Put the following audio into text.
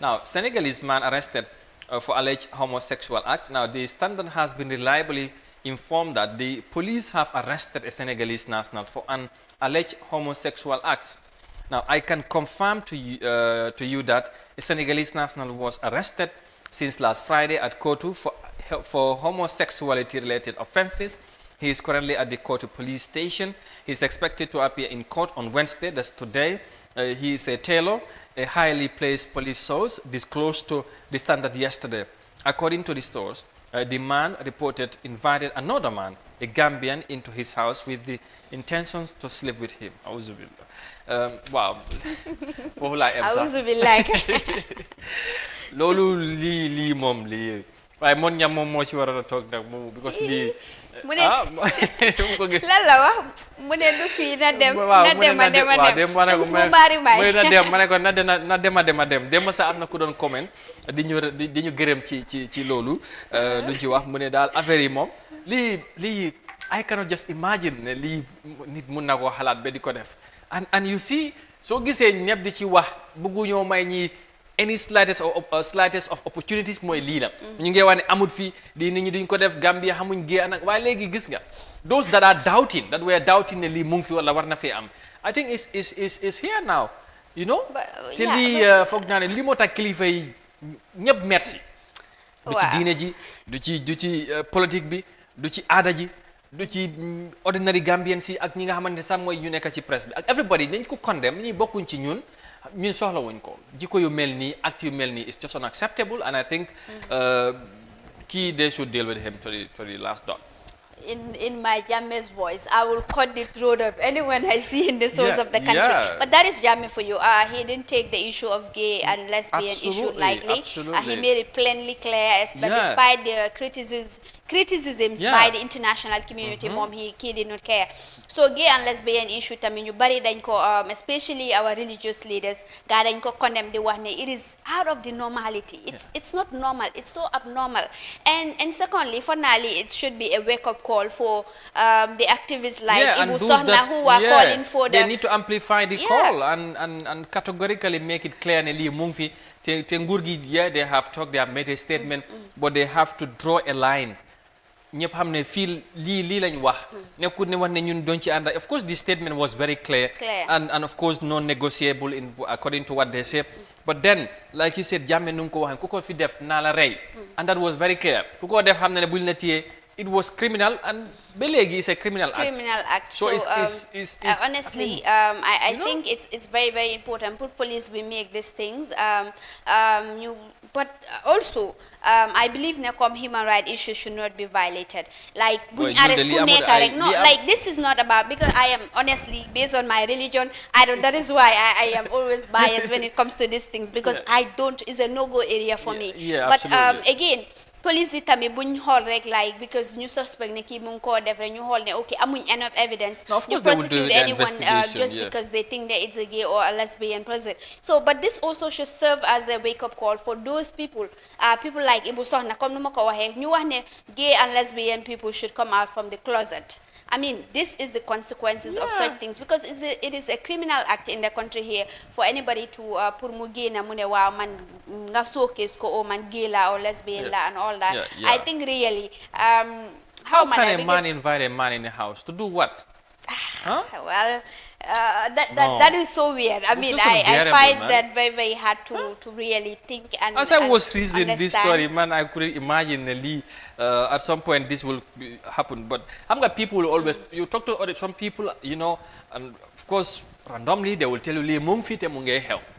Now, Senegalese man arrested uh, for alleged homosexual act. Now, the standard has been reliably informed that the police have arrested a Senegalese national for an alleged homosexual act. Now, I can confirm to you, uh, to you that a Senegalese national was arrested since last Friday at Koto for, for homosexuality-related offenses. He is currently at the Koto police station. He is expected to appear in court on Wednesday, that's today, uh, he is a tailor, a highly placed police source disclosed to the standard yesterday. According to the source, uh, the man reported invited another man, a Gambian, into his house with the intentions to sleep with him. Um, waaw foofu laa am sax loolu lii waaye moon ñam moom moo ci waroon toog nag moom because lii mu ne ah, lan wax mu ne du fii na dem na dem a dem a dem na dem ma ne na dem na dem a dem dem dem sax am na ku doon comment di ñu di ñu gërëm ci ci ci loolu euh, lu ci wax mu ne daal affaire yi moom lii lii I cannot just imagine ne lii nit mun na koo xalaat ba di ko def and and you see soo gisee ñëpp di ci wax bëgguñoo may ñi any slightest of uh, slightest of opportunities moy li la. ñu ngi wane ne amut fii di nit ñi duñ ko def Gambia xamuñ gée nak way legi gis nga those that are doubting that we are doubting ne lii mu fi wala warna fi am I think is is is is here now you know. Uh, te li uh, fogg na ne lii moo tax kilifa yi ñep merci. du ci diine ji du ci du ci uh, politique bi du ci aada ji du ci mm, ordinary Gambian si ak ñi nga xamante sa moy ñu nekk ci presse bi ak everybody dañ ko condemn ñi bokkuñ ci ñun. ñun soxla wuñ ko jikko yu mel nii yu mel is just unacceptable and I think mm-hmm. uh, kii uh, they should deal with him to the to the last dot in, in my Jame's voice, I will cut the throat of anyone I see in the source yeah, of the country. Yeah. But that is Jame for you. Uh, he didn't take the issue of gay and lesbian absolutely, issue lightly. Absolutely. Uh, he made it plainly clear, but yeah. despite the criticisms, criticisms by the international community, mm -hmm. mom, he, he did not care. So gay and lesbian issue, I mean, you bury ko, um, especially our religious leaders, God, ko condemn the one. It is out of the normality. It's, it's not normal. It's so abnormal. And, and secondly, finally, it should be a wake-up call call for um, the activists like yeah, Ibu Sohna who are yeah, calling for the... They need to amplify the yeah. call and, and, and categorically make it clear ne lii mu yeah they have talked they have made a statement mm -hmm. but they have to draw a line mm. of course the statement was very clear, clear. and and of course non negotiable in according to what they said but then like he said jàmme nu mu ko mm. and that was very clear ku fidef def it was criminal and beleg is a criminal, criminal act. act. So, so it's, um, it's, it's, it's uh, honestly, I, um, I, I think it's it's very very important. Put police, we make these things. Um, um, you but also um, I believe Nakom human rights issues should not be violated. Like when arrest correct? No, like this is not about because I am honestly based on my religion. I don't. That is why I, I am always biased when it comes to these things because yeah. I don't. It's a no go area for yeah, me. Yeah, but Um, again police yi tamit buñ xool rek like because ñu suspect ne kii mu ngi koo def rek ñu xool ne ok amuñ enough evidence. of course they would do the anyone uh, just because they think that it's a gay or a lesbian person. so but this also should serve as a wake up call for those people uh, people like Ibu Soxna comme nu ma ko waxee ñu wax ne gay and lesbian people should come out from the closet. I mean, this is the consequences yeah. of such things because it's a, it is a criminal act in the country here for anybody to uh, pour mu génna mu ne waaw man nga showcase ko o oh, man gay la or oh, lesbian yeah. la and all that. Yeah, I think really um, how, how can I, a man invite a man in the house to do what? Huh? well, uh, that, that, no. that is so weird. I mean, I, I find man. that very, very hard to, huh? to really think and As I and was reading understand. this story, man, I couldn't imagine uh, at some point this will be, happen. But I'm got people always, you talk to some people, you know, and of course, randomly they will tell you, help.